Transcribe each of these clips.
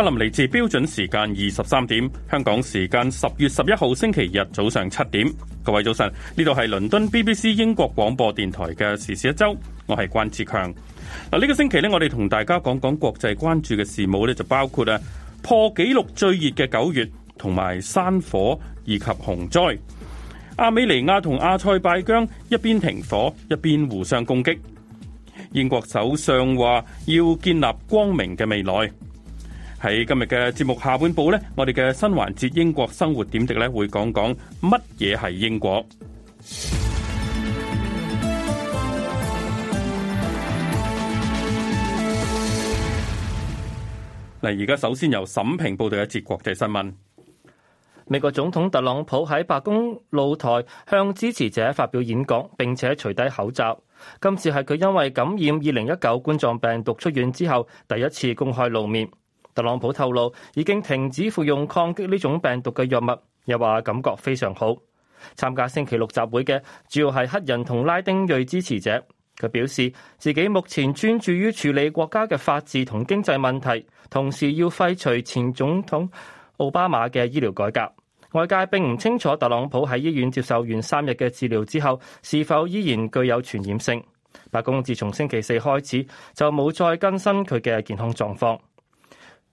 格林威治標準時間二十三點，香港時間十月十一號星期日早上七點。各位早晨，呢度係倫敦 BBC 英國廣播電台嘅時事一周，我係關志強。嗱，呢個星期咧，我哋同大家講講國際關注嘅事務咧，就包括啊破紀錄最熱嘅九月，同埋山火以及洪災。亞美尼亞同阿塞拜疆一邊停火，一邊互相攻擊。英國首相話要建立光明嘅未來。喺今日嘅節目下半部呢，我哋嘅新環節《英國生活點滴》呢，會講講乜嘢係英國。嗱，而家首先由沈平報道一節國際新聞。美國總統特朗普喺白宮露台向支持者發表演講，並且除低口罩。今次係佢因為感染二零一九冠狀病毒出院之後第一次公開露面。特朗普透露已經停止服用抗擊呢種病毒嘅藥物，又話感覺非常好。參加星期六集會嘅主要係黑人同拉丁裔支持者。佢表示自己目前專注於處理國家嘅法治同經濟問題，同時要廢除前總統奧巴馬嘅醫療改革。外界並唔清楚特朗普喺醫院接受完三日嘅治療之後是否依然具有傳染性。白宮自從星期四開始就冇再更新佢嘅健康狀況。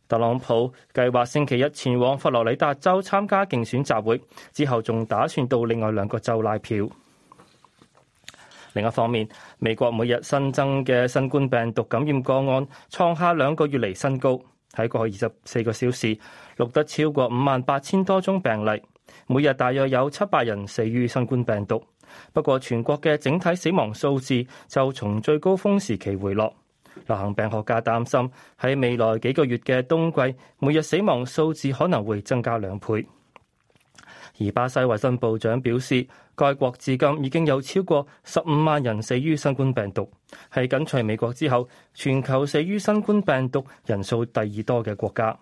特朗普計劃星期一前往佛羅里達州參加競選集會，之後仲打算到另外兩個州拉票。另一方面，美國每日新增嘅新冠病毒感染個案創下兩個月嚟新高，喺過去二十四個小時錄得超過五萬八千多宗病例，每日大約有七百人死於新冠病毒。不過，全國嘅整體死亡數字就從最高峰時期回落。流行病學家擔心喺未來幾個月嘅冬季，每日死亡數字可能會增加兩倍。而巴西衛生部長表示，該國至今已經有超過十五萬人死於新冠病毒，係緊隨美國之後全球死於新冠病毒人數第二多嘅國家。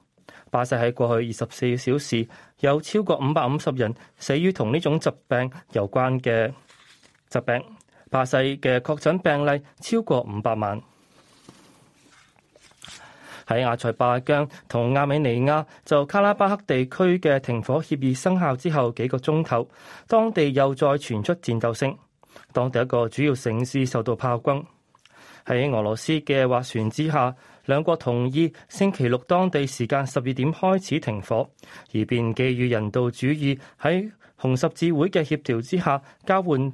巴西喺過去二十四小時有超過五百五十人死於同呢種疾病有關嘅疾病。巴西嘅確診病例超過五百萬。喺阿塞拜疆同亞美尼亞就卡拉巴克地區嘅停火協議生效之後幾個鐘頭，當地又再傳出戰鬥聲，當地一個主要城市受到炮轟。喺俄羅斯嘅斡旋之下，兩國同意星期六當地時間十二點開始停火，以便寄予人道主義喺紅十字會嘅協調之下交換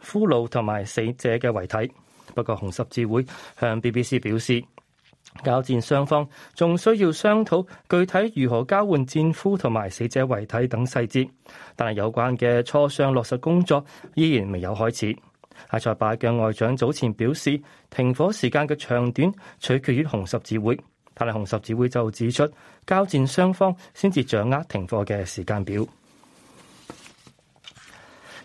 俘虜同埋死者嘅遺體。不過紅十字會向 BBC 表示。交戰雙方仲需要商討具體如何交換戰俘同埋死者遺體等細節，但係有關嘅磋商落實工作依然未有開始。阿塞拜疆外長早前表示，停火時間嘅長短取決於紅十字會，但係紅十字會就指出，交戰雙方先至掌握停火嘅時間表。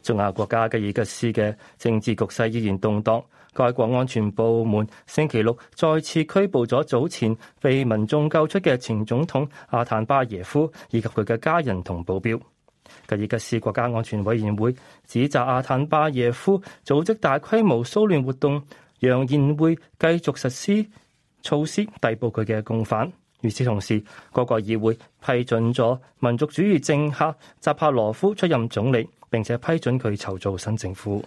中亞國家嘅吉爾吉斯嘅政治局勢依然動盪。該國安全部門星期六再次拘捕咗早前被民眾救出嘅前總統阿坦巴耶夫以及佢嘅家人同保鏢。吉爾吉斯國家安全委員會指責阿坦巴耶夫組織大規模騷亂活動，揚言會繼續實施措施逮捕佢嘅共犯。與此同時，各國議會批准咗民族主義政客扎帕羅夫出任總理，並且批准佢籌造新政府。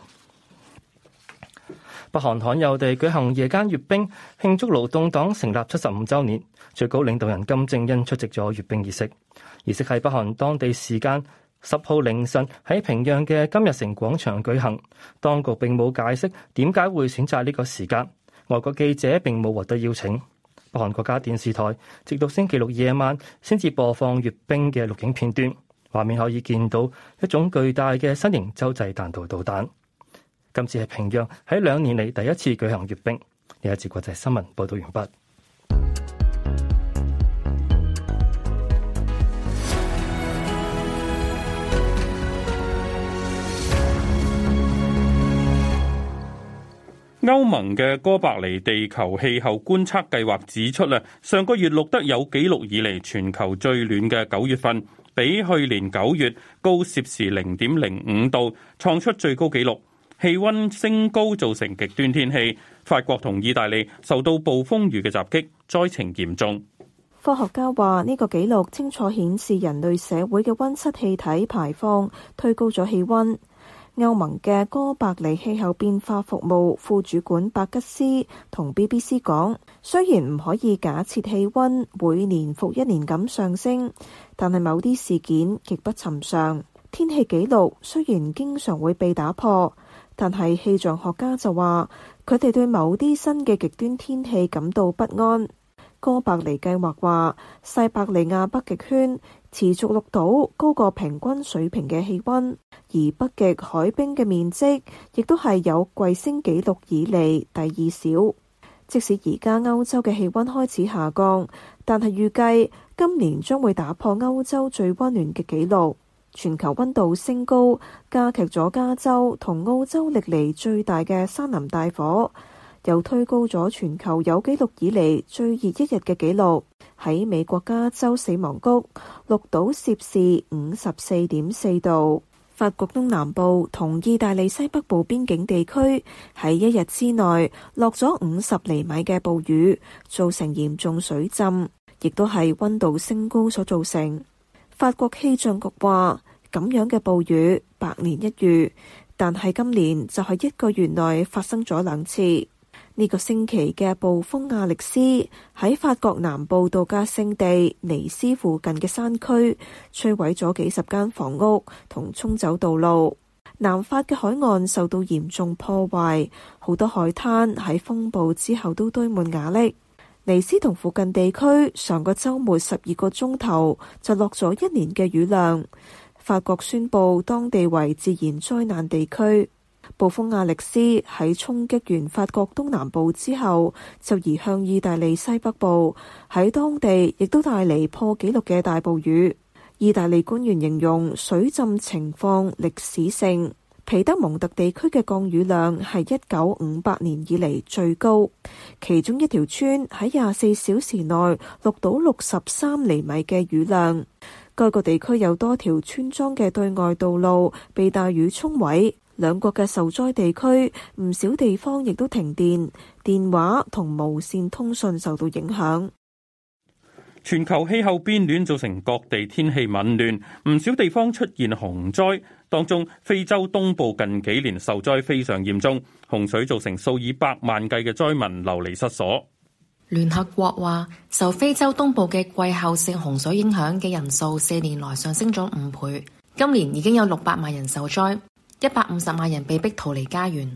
北韓罕有地舉行夜間閱兵，慶祝勞動黨成立七十五週年。最高領導人金正恩出席咗閱兵儀式。儀式係北韓當地時間十號凌晨喺平壤嘅金日成廣場舉行。當局並冇解釋點解會選擇呢個時間。外國記者並冇獲得邀請。北韓國家電視台直到星期六夜晚先至播放閱兵嘅錄影片段，畫面可以見到一種巨大嘅新型洲際彈道導彈。今次係平壤喺兩年嚟第一次舉行閱兵。呢一節國際新聞報道完畢。歐盟嘅哥白尼地球氣候觀測計劃指出，咧上個月錄得有紀錄以嚟全球最暖嘅九月份，比去年九月高攝氏零點零五度，創出最高紀錄。氣溫升高造成極端天氣，法國同意大利受到暴風雨嘅襲擊，災情嚴重。科學家話呢個紀錄清楚顯示，人類社會嘅溫室氣體排放推高咗氣溫。歐盟嘅哥白尼氣候變化服務副主管白吉斯同 BBC 講，雖然唔可以假設氣溫會年複一年咁上升，但係某啲事件極不尋常。天氣紀錄雖然經常會被打破。但係氣象學家就話，佢哋對某啲新嘅極端天氣感到不安。哥白尼計劃話，西伯利亞北極圈持續錄到高過平均水平嘅氣溫，而北極海冰嘅面積亦都係有衛星紀錄以嚟第二少。即使而家歐洲嘅氣溫開始下降，但係預計今年將會打破歐洲最溫暖嘅紀錄。全球溫度升高，加劇咗加州同澳洲歷嚟最大嘅山林大火，又推高咗全球有紀錄以嚟最熱一日嘅紀錄。喺美國加州死亡谷，錄到攝氏五十四點四度。法國東南部同意大利西北部邊境地區喺一日之內落咗五十厘米嘅暴雨，造成嚴重水浸，亦都係溫度升高所造成。法國氣象局話，咁樣嘅暴雨百年一遇，但係今年就係一個月內發生咗兩次。呢、這個星期嘅暴風亞力斯喺法國南部度假勝地尼斯附近嘅山區摧毀咗幾十間房屋，同沖走道路。南法嘅海岸受到嚴重破壞，好多海灘喺風暴之後都堆滿瓦礫。尼斯同附近地區上個周末十二個鐘頭就落咗一年嘅雨量。法國宣佈當地為自然災難地區。暴風亞歷斯喺衝擊完法國東南部之後，就移向意大利西北部，喺當地亦都帶嚟破紀錄嘅大暴雨。意大利官員形容水浸情況歷史性。皮德蒙特地區嘅降雨量係一九五八年以嚟最高，其中一條村喺廿四小時內錄到六十三厘米嘅雨量。該個地區有多條村莊嘅對外道路被大雨沖毀。兩國嘅受災地區，唔少地方亦都停電、電話同無線通訊受到影響。全球氣候變暖造成各地天氣紊亂，唔少地方出現洪災。當中，非洲東部近幾年受災非常嚴重，洪水造成數以百萬計嘅災民流離失所。聯合國話，受非洲東部嘅季候性洪水影響嘅人數，四年來上升咗五倍。今年已經有六百萬人受災，一百五十萬人被逼逃離家園。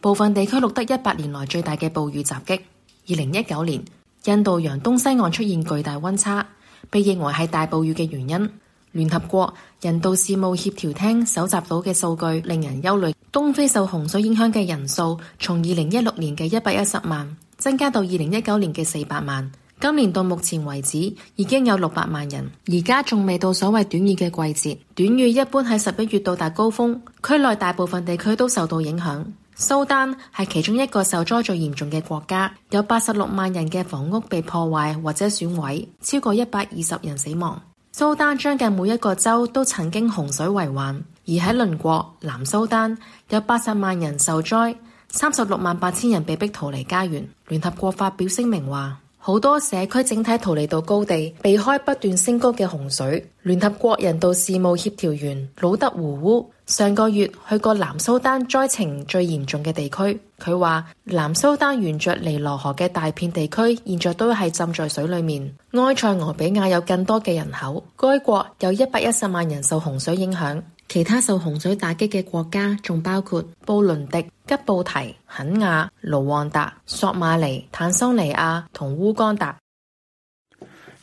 部分地區錄得一百年來最大嘅暴雨襲擊。二零一九年，印度洋東西岸出現巨大溫差，被認為係大暴雨嘅原因。聯合國人道事務協調廳搜集到嘅數據令人憂慮，東非受洪水影響嘅人數從二零一六年嘅一百一十萬增加到二零一九年嘅四百萬，今年到目前為止已經有六百萬人。而家仲未到所謂短雨嘅季節，短雨一般喺十一月到達高峰，區內大部分地區都受到影響。蘇丹係其中一個受災最嚴重嘅國家，有八十六萬人嘅房屋被破壞或者損毀，超過一百二十人死亡。蘇丹將近每一個州都曾經洪水為患，而喺鄰國南蘇丹有八十萬人受災，三十六萬八千人被迫逃離家園。聯合國發表聲明話。好多社區整體逃離到高地，避開不斷升高嘅洪水。聯合國人道事務協調員魯德胡烏上個月去過南蘇丹災情最嚴重嘅地區，佢話南蘇丹沿著尼羅河嘅大片地區現在都係浸在水裡面。埃塞俄比亞有更多嘅人口，該國有一百一十萬人受洪水影響。其他受洪水打擊嘅國家仲包括布倫迪、吉布提、肯亞、盧旺達、索馬里、坦桑尼亞同烏干達，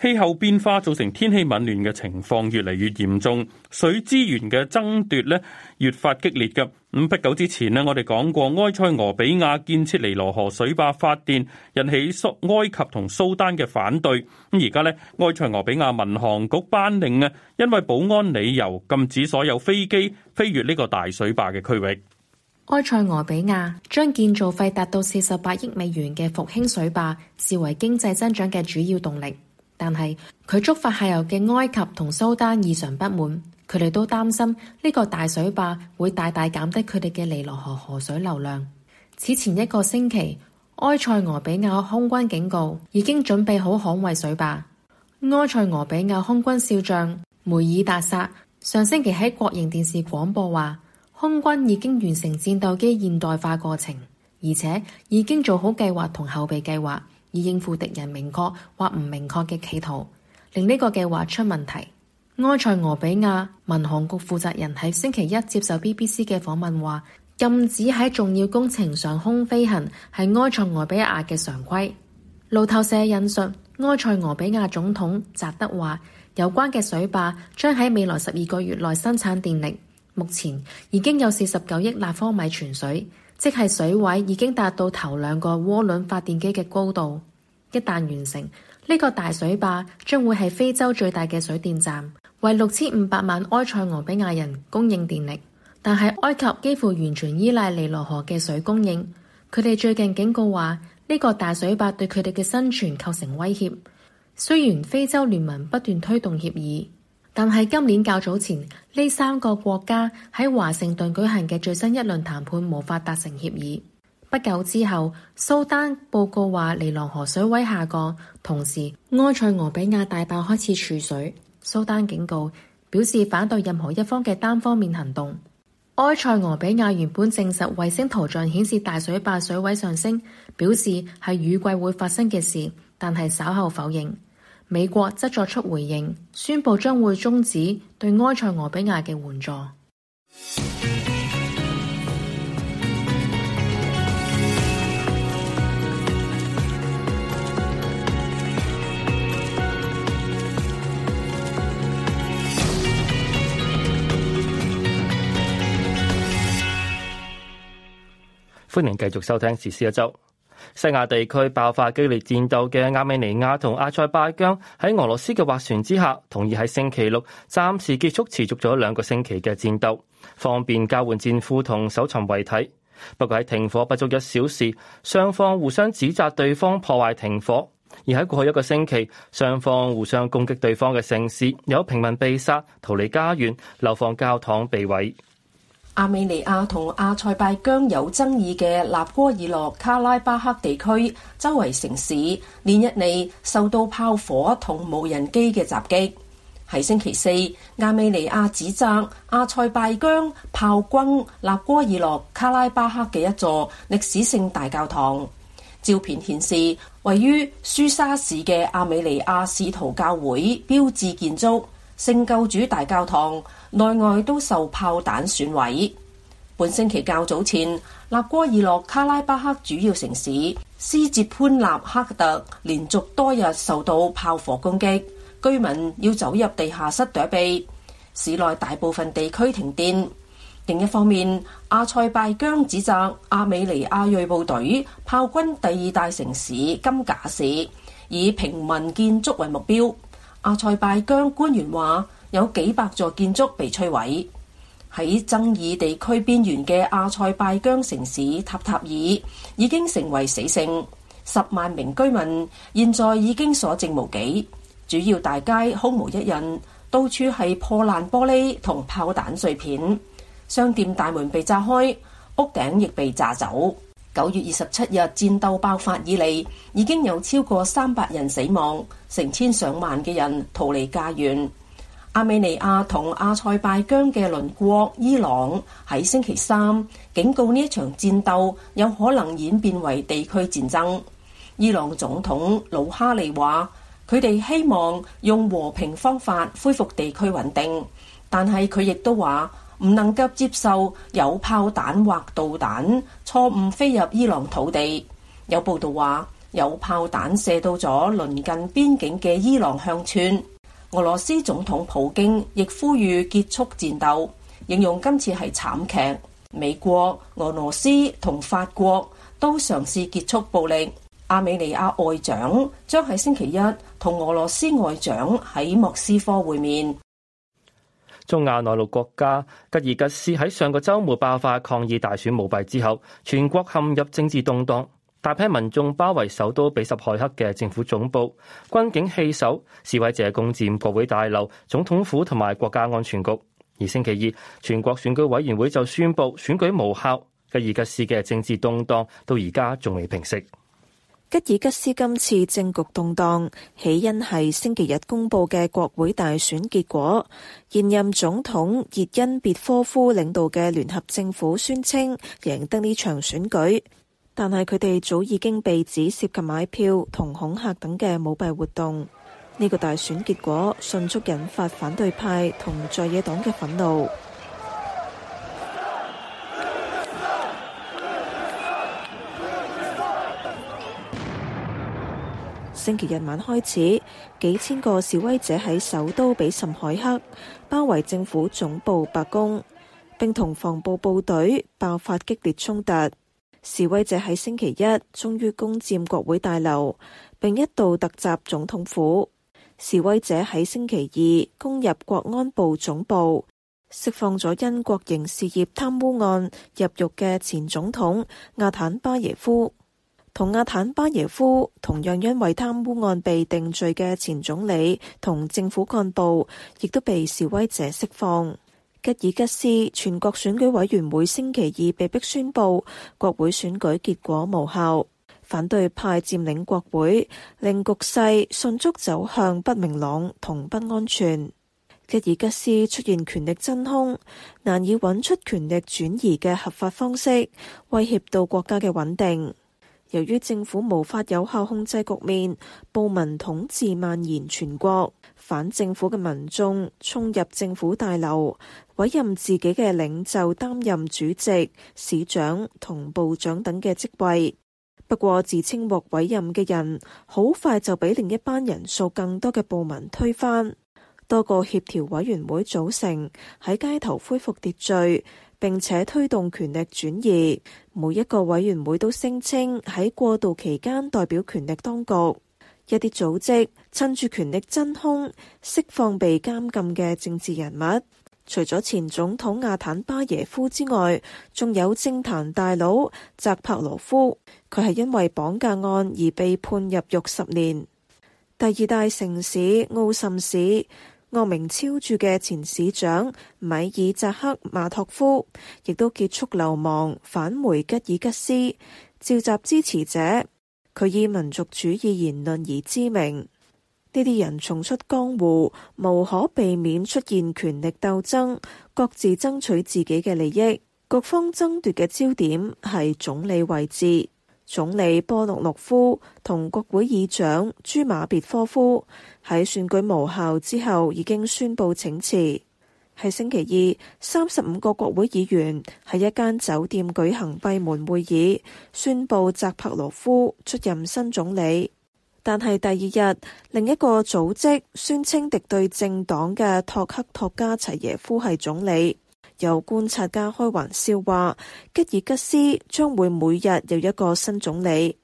氣候變化造成天氣紊亂嘅情況越嚟越嚴重，水資源嘅爭奪呢越發激烈嘅。咁不久之前呢，我哋講過埃塞俄比亞建設尼羅河水壩發電，引起埃及同蘇丹嘅反對。咁而家呢，埃塞俄比亞民航局頒令呢，因為保安理由禁止所有飛機飛越呢個大水壩嘅區域。埃塞俄比亞將建造費達到四十八億美元嘅復興水壩視為經濟增長嘅主要動力，但係佢觸發下游嘅埃及同蘇丹異常不滿，佢哋都擔心呢個大水壩會大大減低佢哋嘅尼羅河河水流量。此前一個星期，埃塞俄比亞空軍警告已經準備好捍衛水壩。埃塞俄比亞空軍少將梅爾達薩上星期喺國營電視廣播話。空軍已經完成戰鬥機現代化過程，而且已經做好計劃同後備計劃，以應付敵人明確或唔明確嘅企圖，令呢個計劃出問題。埃塞俄比亞民航局負責人喺星期一接受 BBC 嘅訪問話：禁止喺重要工程上空飛行係埃塞俄比亞嘅常規。路透社引述埃塞俄比亞總統扎德話：有關嘅水壩將喺未來十二個月內生產電力。目前已經有四十九億立方米泉水，即係水位已經達到頭兩個渦輪發電機嘅高度。一旦完成，呢個大水壩將會係非洲最大嘅水電站，為六千五百萬埃塞俄比亞人供應電力。但係埃及幾乎完全依賴尼羅河嘅水供應，佢哋最近警告話呢個大水壩對佢哋嘅生存構成威脅。雖然非洲聯盟不斷推動協議。但係今年較早前，呢三個國家喺華盛頓舉行嘅最新一輪談判無法達成協議。不久之後，蘇丹報告話尼羅河水位下降，同時埃塞俄比亞大壩開始蓄水。蘇丹警告表示反對任何一方嘅單方面行動。埃塞俄比亞原本證實衛星圖像顯示大水壩水位上升，表示係雨季會發生嘅事，但係稍後否認。美國則作出回應，宣布將會中止對埃塞俄比亞嘅援助。歡迎繼續收聽時事一周。西亞地區爆發激烈戰鬥嘅亞美尼亞同阿塞拜疆喺俄羅斯嘅斡旋之下，同意喺星期六暫時結束持續咗兩個星期嘅戰鬥，方便交換戰俘同搜尋遺體。不過喺停火不足一小時，雙方互相指責對方破壞停火，而喺過去一個星期，雙方互相攻擊對方嘅城市，有平民被殺、逃離家園、流放教堂被毀。亞美尼亞同阿塞拜疆有爭議嘅納戈爾諾卡拉巴克地區周圍城市連日嚟受到炮火同無人機嘅襲擊。喺星期四，亞美尼亞指責阿塞拜疆炮轟納戈爾諾卡拉巴克嘅一座歷史性大教堂。照片顯示，位於舒沙市嘅亞美尼亞使徒教會標誌建築。聖救主大教堂內外都受炮彈損毀。本星期較早前，納戈爾諾卡拉巴克主要城市斯捷潘納克特連續多日受到炮火攻擊，居民要走入地下室躲避，市內大部分地區停電。另一方面，阿塞拜疆指責亞美尼亞裔部隊炮轟第二大城市金賈市，以平民建築為目標。阿塞拜疆官員話，有幾百座建築被摧毀。喺爭議地區邊緣嘅阿塞拜疆城市塔塔爾已經成為死城，十萬名居民現在已經所剩無幾。主要大街空無一人，到處係破爛玻璃同炮彈碎片，商店大門被炸開，屋頂亦被炸走。九月二十七日戰鬥爆發以嚟，已經有超過三百人死亡，成千上萬嘅人逃離家園。亞美尼亞同阿塞拜疆嘅鄰國伊朗喺星期三警告呢一場戰鬥有可能演變為地區戰爭。伊朗總統魯哈尼話：佢哋希望用和平方法恢復地區穩定，但係佢亦都話。唔能夠接受有炮彈或導彈錯誤飛入伊朗土地。有報道話有炮彈射到咗鄰近邊境嘅伊朗鄉村。俄羅斯總統普京亦呼籲結束戰鬥，形容今次係慘劇。美國、俄羅斯同法國都嘗試結束暴力。阿美尼亞外長將喺星期一同俄羅斯外長喺莫斯科會面。中亞內陸國家吉爾吉斯喺上個週末爆發抗議大選舞弊之後，全國陷入政治動盪，大批民眾包圍首都比什凱克嘅政府總部，軍警棄守，示威者攻佔國會大樓、總統府同埋國家安全局。而星期二，全國選舉委員會就宣布選舉無效。吉爾吉斯嘅政治動盪到而家仲未平息。吉爾吉斯今次政局動盪，起因係星期日公佈嘅國會大選結果。現任總統熱恩別科夫領導嘅聯合政府宣稱贏得呢場選舉，但係佢哋早已經被指涉及買票同恐嚇等嘅舞弊活動。呢、這個大選結果迅速引發反對派同在野黨嘅憤怒。星期日晚開始，幾千個示威者喺首都比什凱克包圍政府總部白宮，並同防暴部隊爆發激烈衝突。示威者喺星期一終於攻佔國會大樓，並一度突襲總統府。示威者喺星期二攻入國安部總部，釋放咗因國營事業貪污案入獄嘅前總統阿坦巴耶夫。同阿坦巴耶夫同樣因為貪污案被定罪嘅前總理同政府幹部，亦都被示威者釋放。吉爾吉斯全國選舉委員會星期二被逼宣布國會選舉結果無效，反對派佔領國會，令局勢迅速走向不明朗同不安全。吉爾吉斯出現權力真空，難以揾出權力轉移嘅合法方式，威脅到國家嘅穩定。由於政府無法有效控制局面，暴民統治蔓延全國，反政府嘅民眾衝入政府大樓，委任自己嘅領袖擔任主席、市長同部長等嘅職位。不過，自稱獲委任嘅人好快就俾另一班人數更多嘅暴民推翻，多個協調委員會組成喺街頭恢復秩序。並且推動權力轉移，每一個委員會都聲稱喺過渡期間代表權力當局。一啲組織趁住權力真空，釋放被監禁嘅政治人物。除咗前總統亞坦巴耶夫之外，仲有政壇大佬扎帕羅夫，佢係因為綁架案而被判入獄十年。第二大城市奧什市。惡名昭著嘅前市長米爾扎克馬托夫亦都結束流亡，返回吉爾吉斯召集支持者。佢以民族主義言論而知名。呢啲人重出江湖，無可避免出現權力鬥爭，各自爭取自己嘅利益。各方爭奪嘅焦點係總理位置。總理波諾諾夫同國會議長朱馬別科夫喺選舉無效之後已經宣布請辭。喺星期二，三十五個國會議員喺一間酒店舉行閉門會議，宣布扎帕羅夫出任新總理。但係第二日，另一個組織宣稱敵對政黨嘅托克托加齊耶夫係總理。有觀察家開玩笑話，吉爾吉斯將會每日有一個新總理，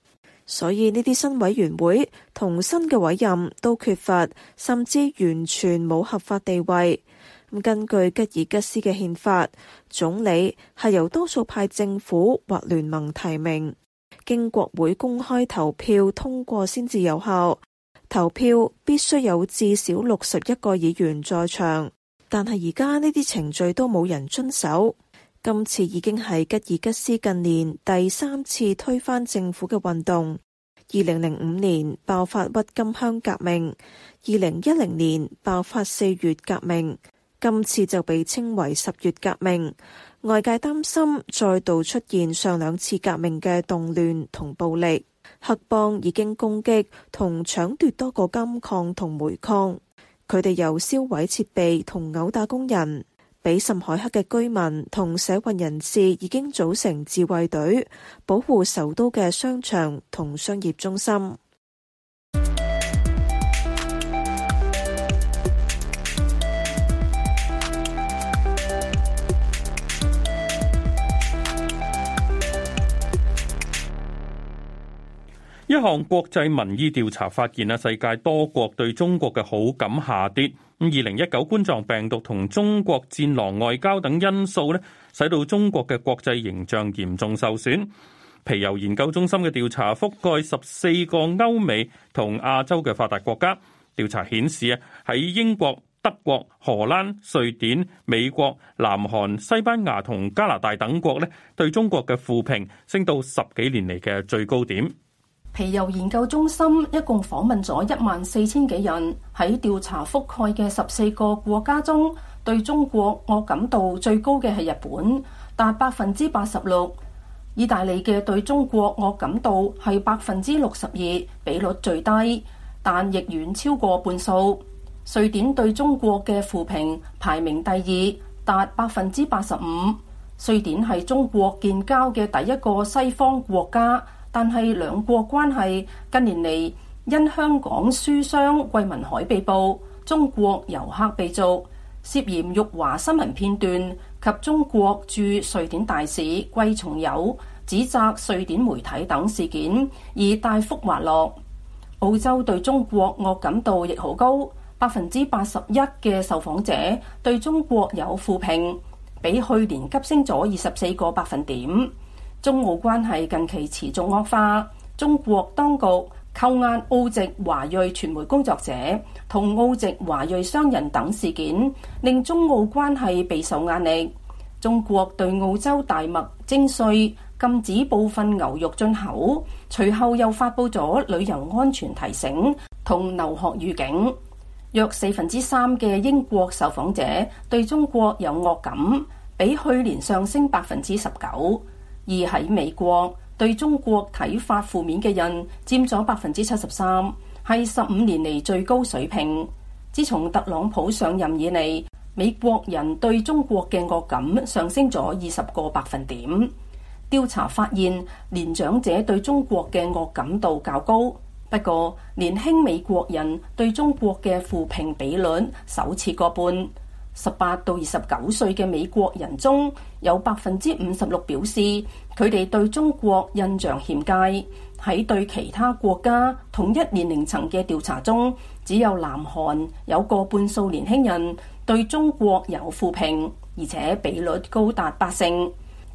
所以呢啲新委員會同新嘅委任都缺乏，甚至完全冇合法地位。咁根據吉爾吉斯嘅憲法，總理係由多數派政府或聯盟提名，經國會公開投票通過先至有效，投票必須有至少六十一個議員在場。但係而家呢啲程序都冇人遵守。今次已經係吉爾吉斯近年第三次推翻政府嘅運動。二零零五年爆發鬱金香革命，二零一零年爆發四月革命，今次就被稱為十月革命。外界擔心再度出現上兩次革命嘅動亂同暴力。黑幫已經攻擊同搶奪多個金礦同煤礦。佢哋由銷毀設備同毆打工人，比什海克嘅居民同社運人士已經組成自衛隊，保護首都嘅商場同商業中心。一項國際民意調查發現啊，世界多國對中國嘅好感下跌。二零一九冠狀病毒同中國戰狼外交等因素咧，使到中國嘅國際形象嚴重受損。皮尤研究中心嘅調查覆蓋十四個歐美同亞洲嘅發達國家，調查顯示啊，喺英國、德國、荷蘭、瑞典、美國、南韓、西班牙同加拿大等國咧，對中國嘅負評升到十幾年嚟嘅最高點。皮尤研究中心一共訪問咗一萬四千幾人。喺調查覆蓋嘅十四個國家中，對中國惡感度最高嘅係日本，達百分之八十六。意大利嘅對中國惡感度係百分之六十二，比率最低，但亦遠超過半數。瑞典對中國嘅負評排名第二，達百分之八十五。瑞典係中國建交嘅第一個西方國家。但係兩國關係近年嚟因香港書商桂民海被捕、中國遊客被逐、涉嫌辱華新聞片段及中國駐瑞典大使桂松友指責瑞典媒體等事件而大幅滑落。澳洲對中國惡感度亦好高，百分之八十一嘅受訪者對中國有負評，比去年急升咗二十四個百分點。中澳關係近期持續惡化，中國當局扣押澳籍華裔傳媒工作者同澳籍華裔商人等事件，令中澳關係備受壓力。中國對澳洲大麥徵稅、禁止部分牛肉進口，隨後又發布咗旅遊安全提醒同留學預警。約四分之三嘅英國受訪者對中國有惡感，比去年上升百分之十九。而喺美國，對中國睇法負面嘅人佔咗百分之七十三，係十五年嚟最高水平。自從特朗普上任以嚟，美國人對中國嘅惡感上升咗二十個百分點。調查發現，年長者對中國嘅惡感度較高，不過年輕美國人對中國嘅負評比率首次過半。十八到二十九歲嘅美國人中，有百分之五十六表示佢哋對中國印象欠佳。喺對其他國家同一年齡層嘅調查中，只有南韓有過半數年輕人對中國有負評，而且比率高達八成。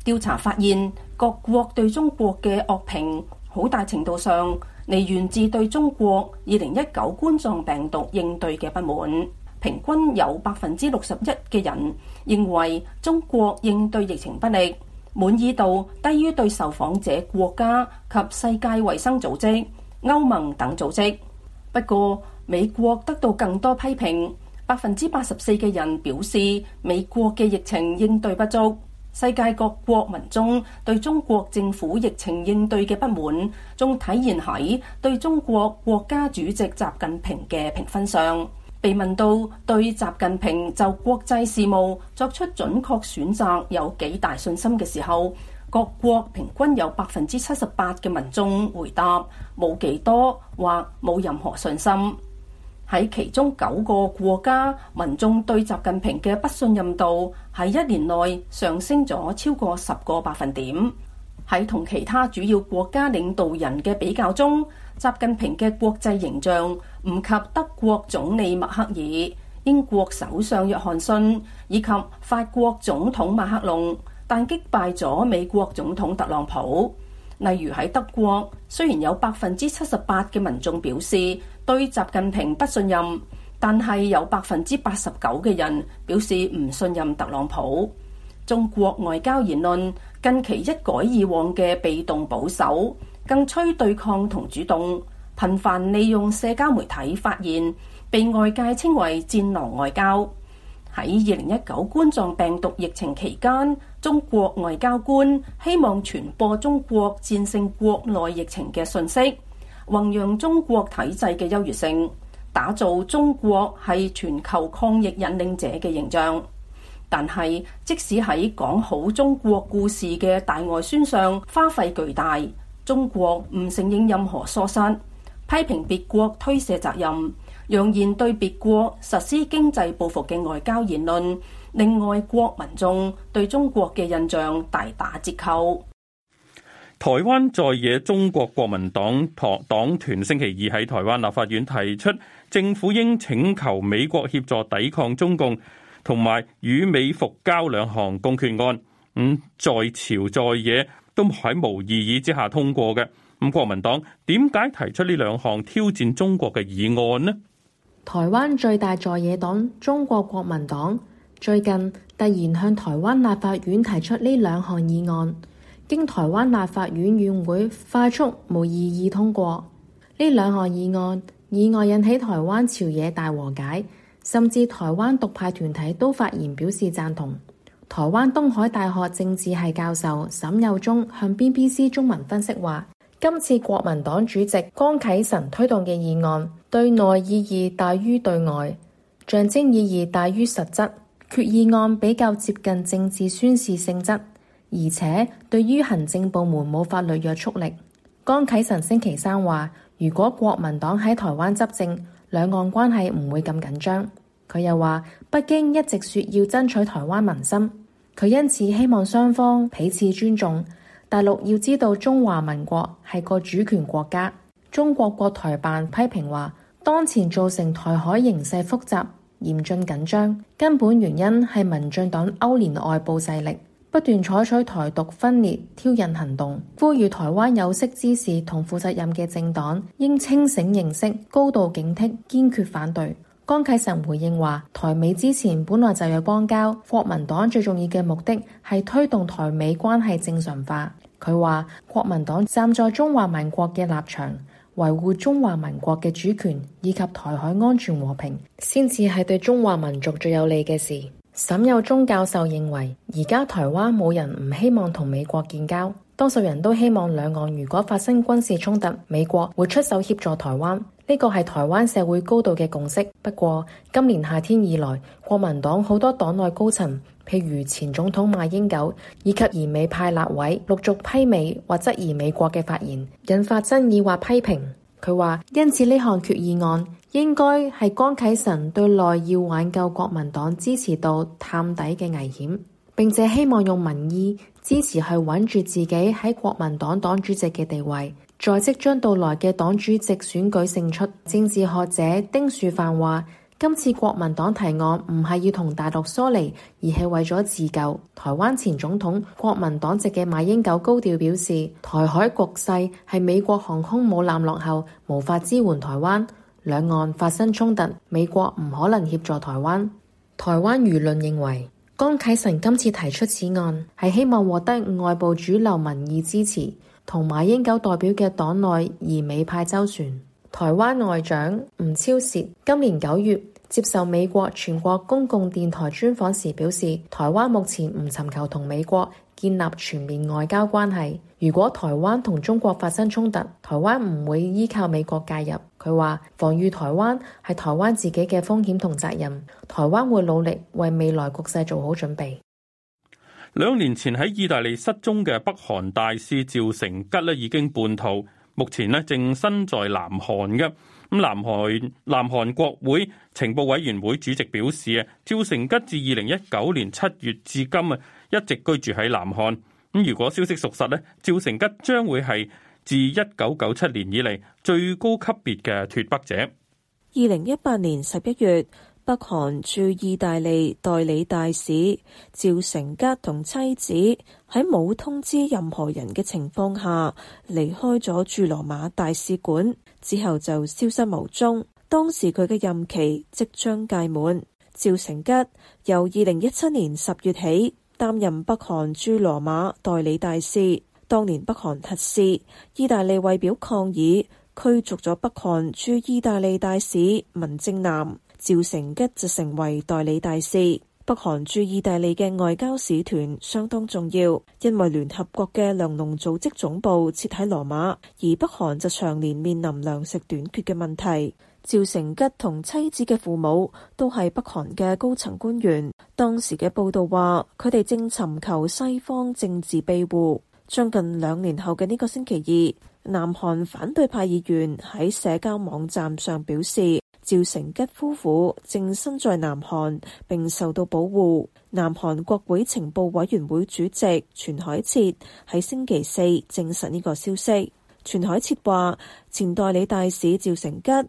調查發現，各國對中國嘅惡評好大程度上嚟源自對中國二零一九冠狀病毒應對嘅不滿。平均有百分之六十一嘅人認為中國應對疫情不力，滿意度低於對受訪者國家及世界衛生組織、歐盟等組織。不過美國得到更多批評，百分之八十四嘅人表示美國嘅疫情應對不足。世界各國民眾對中國政府疫情應對嘅不滿仲體現喺對中國國家主席習近平嘅評分上。被問到對習近平就國際事務作出準確選擇有幾大信心嘅時候，各國平均有百分之七十八嘅民眾回答冇幾多或冇任何信心。喺其中九個國家，民眾對習近平嘅不信任度喺一年內上升咗超過十個百分點。喺同其他主要國家領導人嘅比較中，習近平嘅國際形象唔及德國總理默克爾、英國首相約翰遜以及法國總統馬克龍，但擊敗咗美國總統特朗普。例如喺德國，雖然有百分之七十八嘅民眾表示對習近平不信任，但係有百分之八十九嘅人表示唔信任特朗普。中國外交言論近期一改以往嘅被動保守。更趨對抗同主動，頻繁利用社交媒體發言，被外界稱為戰狼外交。喺二零一九冠狀病毒疫情期間，中國外交官希望傳播中國戰勝國內疫情嘅信息，弘揚中國體制嘅優越性，打造中國係全球抗疫引領者嘅形象。但係，即使喺講好中國故事嘅大外宣上花費巨大。中國唔承認任何疏失，批評別國推卸責任，揚言對別國實施經濟報復嘅外交言論，令外國民眾對中國嘅印象大打折扣。台灣在野中國國民黨黨黨團星期二喺台灣立法院提出，政府應請求美國協助抵抗中共，同埋與美復交兩項公決案。五、嗯、在朝在野。都喺無異議之下通過嘅，咁國民黨點解提出呢兩項挑戰中國嘅議案呢？台灣最大在野黨中國國民黨最近突然向台灣立法院提出呢兩項議案，經台灣立法院院會快速無異議通過，呢兩項議案意外引起台灣朝野大和解，甚至台灣獨派團體都發言表示讚同。台灣東海大學政治系教授沈友忠向 BBC 中文分析話：今次國民黨主席江啟臣推動嘅議案，對內意義大於對外，象徵意義大於實質，決議案比較接近政治宣示性質，而且對於行政部門冇法律約束力。江啟臣星期三話：如果國民黨喺台灣執政，兩岸關係唔會咁緊張。佢又話：北京一直說要爭取台灣民心，佢因此希望雙方彼此尊重。大陸要知道中華民國係個主權國家。中國國台辦批評話，當前造成台海形勢複雜、嚴峻緊張，根本原因係民進黨勾連外部勢力，不斷採取台獨分裂挑釁行動。呼籲台灣有識之士同負責任嘅政黨應清醒認識，高度警惕，堅決反對。江啟臣回應話：台美之前本來就有邦交，國民黨最重要嘅目的係推動台美關係正常化。佢話國民黨站在中華民國嘅立場，維護中華民國嘅主權以及台海安全和平，先至係對中華民族最有利嘅事。沈友忠教授認為，而家台灣冇人唔希望同美國建交。多數人都希望兩岸如果發生軍事衝突，美國會出手協助台灣，呢個係台灣社會高度嘅共識。不過今年夏天以來，國民黨好多黨內高層，譬如前總統馬英九以及疑美派立、立委，陸續批美或質疑美國嘅發言，引發爭議或批評。佢話，因此呢項決議案應該係江啟臣對內要挽救國民黨支持度探底嘅危險，並且希望用民意支持去穩住自己喺國民黨黨主席嘅地位，在即將到來嘅黨主席選舉勝出。政治學者丁樹範話，今次國民黨提案唔係要同大陸疏離，而係為咗自救。台灣前總統國民黨籍嘅馬英九高調表示：台海局勢係美國航空母艦落後，無法支援台灣；兩岸發生衝突，美國唔可能協助台灣，台灣輿論認為。江啟臣今次提出此案，係希望獲得外部主流民意支持，同馬英九代表嘅黨內而美派周旋。台灣外長吳釗燮今年九月，接受美國全國公共電台專訪時表示，台灣目前唔尋求同美國建立全面外交關係。如果台灣同中國發生衝突，台灣唔會依靠美國介入。佢話防御台灣係台灣自己嘅風險同責任，台灣會努力為未來局勢做好準備。兩年前喺意大利失蹤嘅北韓大使趙成吉咧已經叛逃，目前咧正身在南韓嘅。咁南韓南韓國會情報委員會主席表示啊，趙成吉自二零一九年七月至今啊一直居住喺南韓。咁如果消息屬實咧，趙成吉將會係自一九九七年以嚟，最高級別嘅脫北者。二零一八年十一月，北韓駐意大利代理大使趙成吉同妻子喺冇通知任何人嘅情況下離開咗駐羅馬大使館。之後就消失無蹤。當時佢嘅任期即將屆滿，趙成吉由二零一七年十月起擔任北韓駐羅馬代理大使。當年北韓核試，意大利為表抗議，驅逐咗北韓駐意大利大使文正南，趙成吉就成為代理大使。北韓駐意大利嘅外交使團相當重要，因為聯合國嘅糧農組織總部設喺羅馬，而北韓就長年面臨糧食短缺嘅問題。趙成吉同妻子嘅父母都係北韓嘅高層官員。當時嘅報道話，佢哋正尋求西方政治庇護。將近兩年後嘅呢個星期二，南韓反對派議員喺社交網站上表示：趙成吉夫婦正身在南韓，並受到保護。南韓國會情報委員會主席全海徹喺星期四證實呢個消息。全海徹話，前代理大使趙成吉喺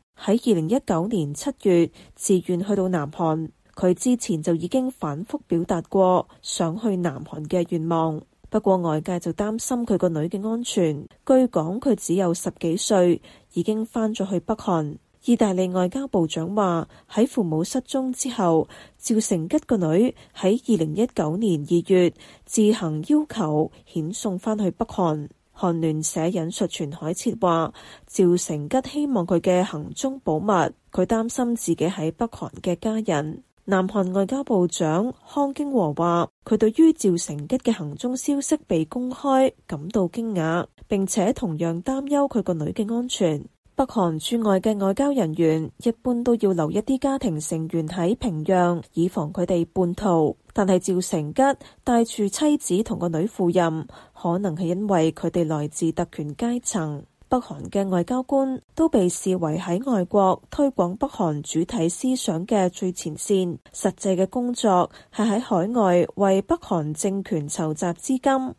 二零一九年七月自願去到南韓，佢之前就已經反覆表達過想去南韓嘅願望。不過外界就擔心佢個女嘅安全，據講佢只有十幾歲，已經翻咗去北韓。意大利外交部長話：喺父母失蹤之後，趙成吉個女喺二零一九年二月自行要求遣送翻去北韓。韓聯社引述全海澈話：趙成吉希望佢嘅行蹤保密，佢擔心自己喺北韓嘅家人。南韓外交部長康京和話：佢對於趙成吉嘅行蹤消息被公開感到驚訝，並且同樣擔憂佢個女嘅安全。北韓駐外嘅外交人員一般都要留一啲家庭成員喺平壤，以防佢哋叛逃。但係趙成吉帶住妻子同個女赴任，可能係因為佢哋來自特權階層。北韓嘅外交官都被視為喺外國推廣北韓主體思想嘅最前線，實際嘅工作係喺海外為北韓政權籌集資金。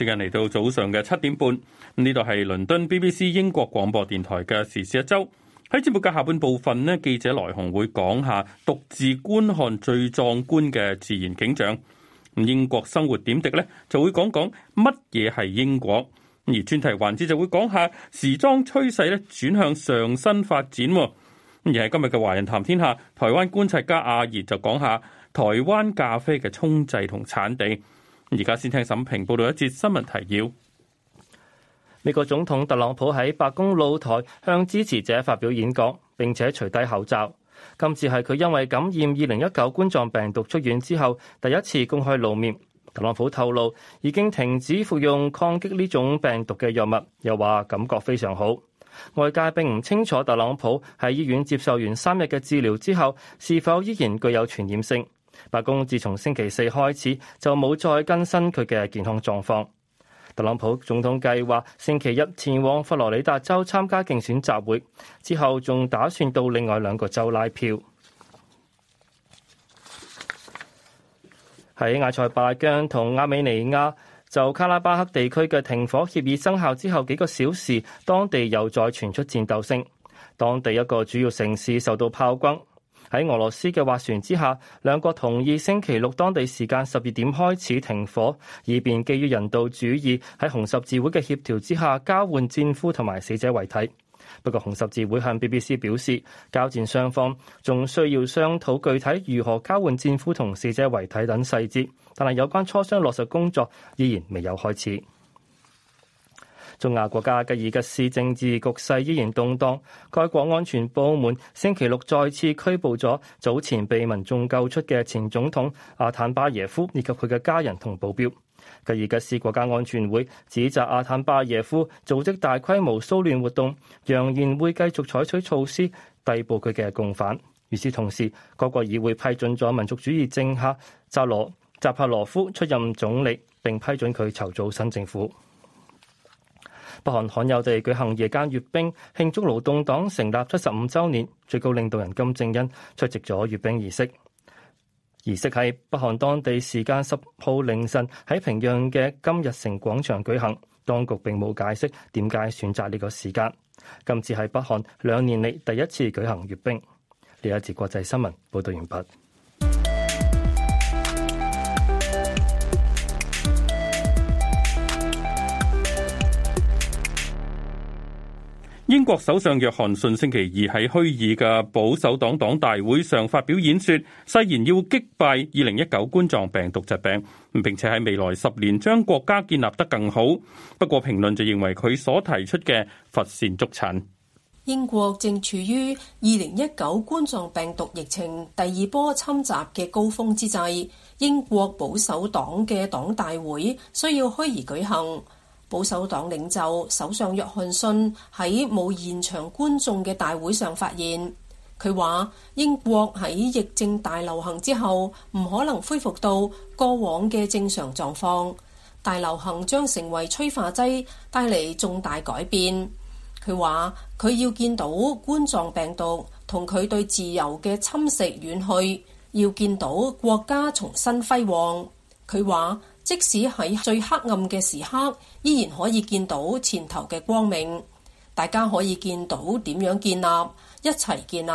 時間嚟到早上嘅七點半，呢度係倫敦 BBC 英國廣播電台嘅時事一周。喺節目嘅下半部分呢，記者來鴻會講下獨自觀看最壯觀嘅自然景象。英國生活點滴呢，就會講講乜嘢係英國。而專題環節就會講下時裝趨勢咧轉向上身發展。咁而係今日嘅華人談天下，台灣觀察家阿葉就講下台灣咖啡嘅沖製同產地。而家先聽沈平報道一節新聞提要。美國總統特朗普喺白宮露台向支持者發表演講，並且除低口罩。今次係佢因為感染二零一九冠狀病毒出院之後第一次公開露面。特朗普透露已經停止服用抗擊呢種病毒嘅藥物，又話感覺非常好。外界並唔清楚特朗普喺醫院接受完三日嘅治療之後，是否依然具有傳染性。白宮自從星期四開始就冇再更新佢嘅健康狀況。特朗普總統計劃星期一前往佛羅里達州參加競選集會，之後仲打算到另外兩個州拉票。喺阿塞拜疆同亞美尼亞，就卡拉巴克地區嘅停火協議生效之後幾個小時，當地又再傳出戰鬥聲，當地一個主要城市受到炮轟。喺俄羅斯嘅斡旋之下，兩國同意星期六當地時間十二點開始停火，以便基於人道主義喺紅十字會嘅協調之下交換戰俘同埋死者遺體。不過紅十字會向 BBC 表示，交戰雙方仲需要商討具，具體如何交換戰俘同死者遺體等細節，但係有關磋商落實工作依然未有開始。中亞國家吉爾吉斯政治局勢依然動盪，該國安全部門星期六再次拘捕咗早前被民眾救出嘅前總統阿坦巴耶夫以及佢嘅家人同保鏢。吉爾吉斯國家安全會指責阿坦巴耶夫組織大規模騷亂活動，揚言會繼續採取措施逮捕佢嘅共犯。與此同時，各國議會批准咗民族主義政客扎羅扎帕羅夫出任總理，並批准佢籌組新政府。北韓罕有地舉行夜間閱兵，慶祝勞動黨成立七十五周年。最高領導人金正恩出席咗閱兵儀式。儀式喺北韓當地時間十號凌晨喺平壤嘅金日成廣場舉行。當局並冇解釋點解選擇呢個時間。今次係北韓兩年嚟第一次舉行閱兵。呢一節國際新聞報道完畢。英國首相約翰遜星期二喺虛擬嘅保守黨黨大會上發表演說，誓言要擊敗二零一九冠狀病毒疾病，並且喺未來十年將國家建立得更好。不過評論就認為佢所提出嘅乏善足陳。英國正處於二零一九冠狀病毒疫情第二波侵襲嘅高峰之際，英國保守黨嘅黨大會需要虛擬舉行。保守黨領袖首相約翰遜喺冇現場觀眾嘅大會上發言，佢話英國喺疫症大流行之後唔可能恢復到過往嘅正常狀況，大流行將成為催化劑，帶嚟重大改變。佢話佢要見到冠狀病毒同佢對自由嘅侵蝕遠去，要見到國家重新輝煌。佢話。即使喺最黑暗嘅時刻，依然可以見到前頭嘅光明。大家可以見到點樣建立，一齊建立。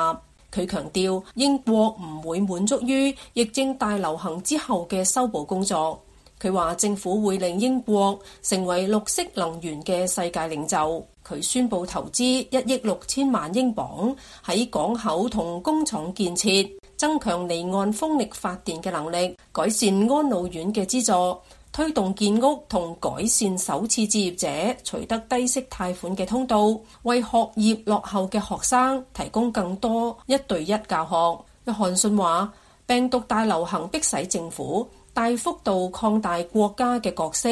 佢強調，英國唔會滿足於疫症大流行之後嘅修補工作。佢話政府會令英國成為綠色能源嘅世界領袖。佢宣佈投資一億六千萬英鎊，喺港口同工廠建設。增強離岸風力發電嘅能力，改善安老院嘅資助，推動建屋同改善首次置業者取得低息貸款嘅通道，為學業落後嘅學生提供更多一對一教學。約翰遜話：病毒大流行迫使政府大幅度擴大國家嘅角色，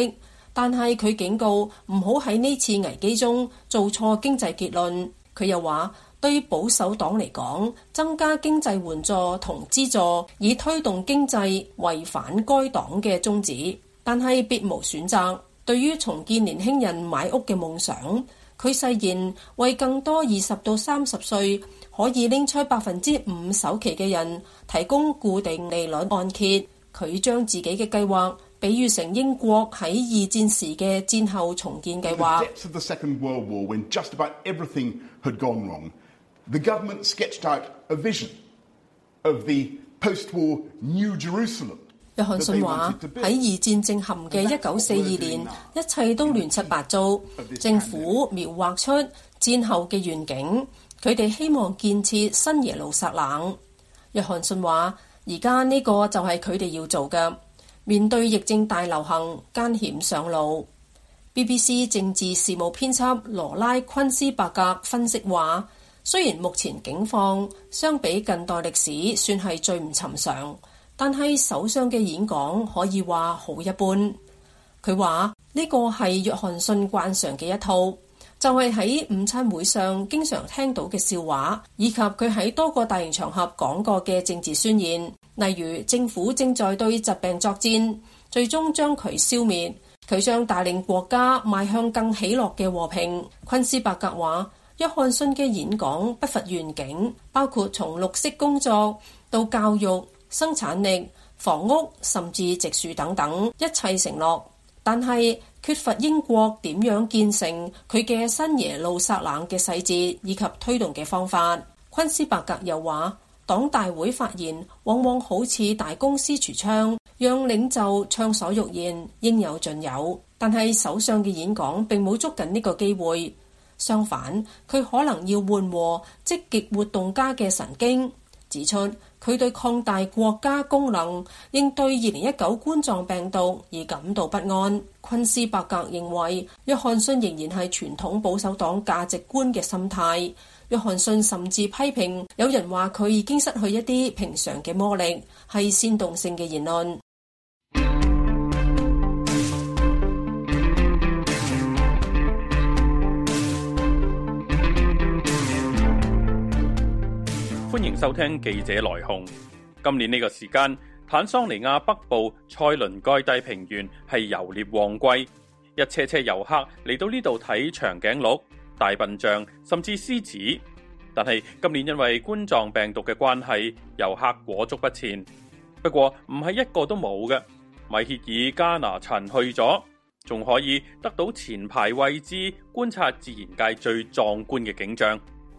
但係佢警告唔好喺呢次危機中做錯經濟結論。佢又話。對保守黨嚟講，增加經濟援助同資助以推動經濟，違反該黨嘅宗旨。但係別無選擇。對於重建年輕人買屋嘅夢想，佢誓言為更多二十到三十歲可以拎出百分之五首期嘅人提供固定利率按揭。佢將自己嘅計劃比喻成英國喺二戰時嘅戰後重建計劃。The government sketched out a vision of the post-war New Jerusalem。約翰遜話：喺二戰正陷嘅一九四二年，一切都亂七八糟。政府描畫出戰後嘅願景，佢哋希望建設新耶路撒冷。約翰遜話：而家呢個就係佢哋要做嘅。面對疫症大流行，艱險上路。BBC 政治事務編輯羅拉昆斯伯格分析話。雖然目前景況相比近代歷史算係最唔尋常，但係首相嘅演講可以話好一般。佢話呢個係約翰遜慣常嘅一套，就係喺午餐會上經常聽到嘅笑話，以及佢喺多個大型場合講過嘅政治宣言，例如政府正在對疾病作戰，最終將佢消滅。佢將帶領國家邁向更喜樂嘅和平。昆斯伯格話。約翰遜嘅演講不乏願景，包括從綠色工作到教育、生產力、房屋，甚至植樹等等一切承諾。但係缺乏英國點樣建成佢嘅新耶路撒冷嘅細節以及推動嘅方法。昆斯伯格又話，黨大會發言往往好似大公司櫥窗，讓領袖暢所欲言，應有盡有。但係首相嘅演講並冇捉緊呢個機會。相反，佢可能要緩和積極活動家嘅神經。指出佢對擴大國家功能應對二零一九冠狀病毒而感到不安。昆斯伯格認為，約翰遜仍然係傳統保守黨價值觀嘅心態。約翰遜甚至批評有人話佢已經失去一啲平常嘅魔力，係煽動性嘅言論。歡迎收聽記者來鴻。今年呢個時間，坦桑尼亞北部塞倫蓋蒂平原係遊獵旺季，一車車遊客嚟到呢度睇長頸鹿、大笨象，甚至獅子。但係今年因為冠狀病毒嘅關係，遊客裹足不前。不過唔係一個都冇嘅，米歇爾加拿陳去咗，仲可以得到前排位置，觀察自然界最壯觀嘅景象。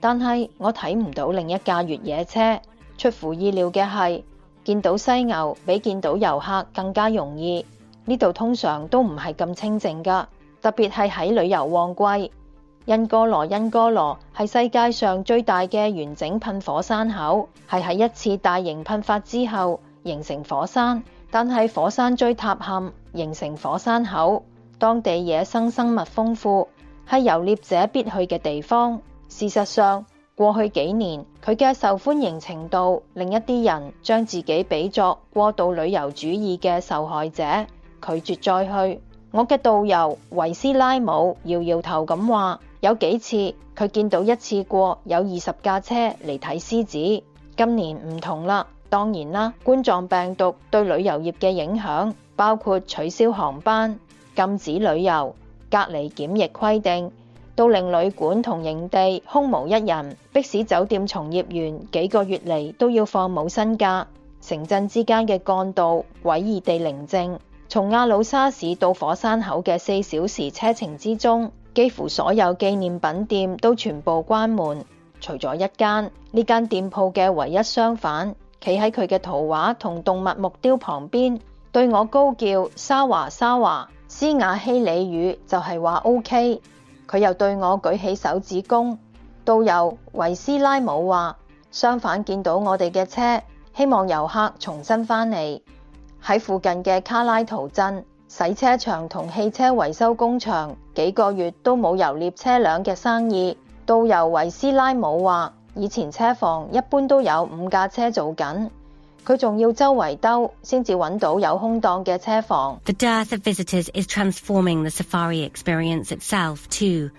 但係我睇唔到另一架越野車。出乎意料嘅係，見到犀牛比見到遊客更加容易。呢度通常都唔係咁清靜㗎，特別係喺旅遊旺季。恩哥羅恩哥羅係世界上最大嘅完整噴火山口，係喺一次大型噴發之後形成火山，但係火山錐塌陷形成火山口。當地野生生物豐富，係遊獵者必去嘅地方。事實上，過去幾年佢嘅受歡迎程度，令一啲人將自己比作過度旅遊主義嘅受害者，拒絕再去。我嘅導遊維斯拉姆搖搖頭咁話，有幾次佢見到一次過有二十架車嚟睇獅子。今年唔同啦，當然啦，冠狀病毒對旅遊業嘅影響包括取消航班、禁止旅遊、隔離檢疫規定。都令旅館同營地空無一人，迫使酒店從業員幾個月嚟都要放冇薪假。城鎮之間嘅幹道詭異地寧靜。從阿魯沙市到火山口嘅四小時車程之中，幾乎所有紀念品店都全部關門，除咗一間。呢間店鋪嘅唯一商販，企喺佢嘅圖畫同動物木雕旁邊，對我高叫沙華沙華：沙華沙華，斯瓦希里語就係話 O K。佢又對我舉起手指公。導遊維斯拉姆話：相反，見到我哋嘅車，希望遊客重新返嚟。喺附近嘅卡拉圖鎮洗車場同汽車維修工場，幾個月都冇遊獵車輛嘅生意。導遊維斯拉姆話：以前車房一般都有五架車做緊。佢仲要周圍兜先至揾到有空檔嘅車房。The dearth of visitors is transforming the safari experience itself too.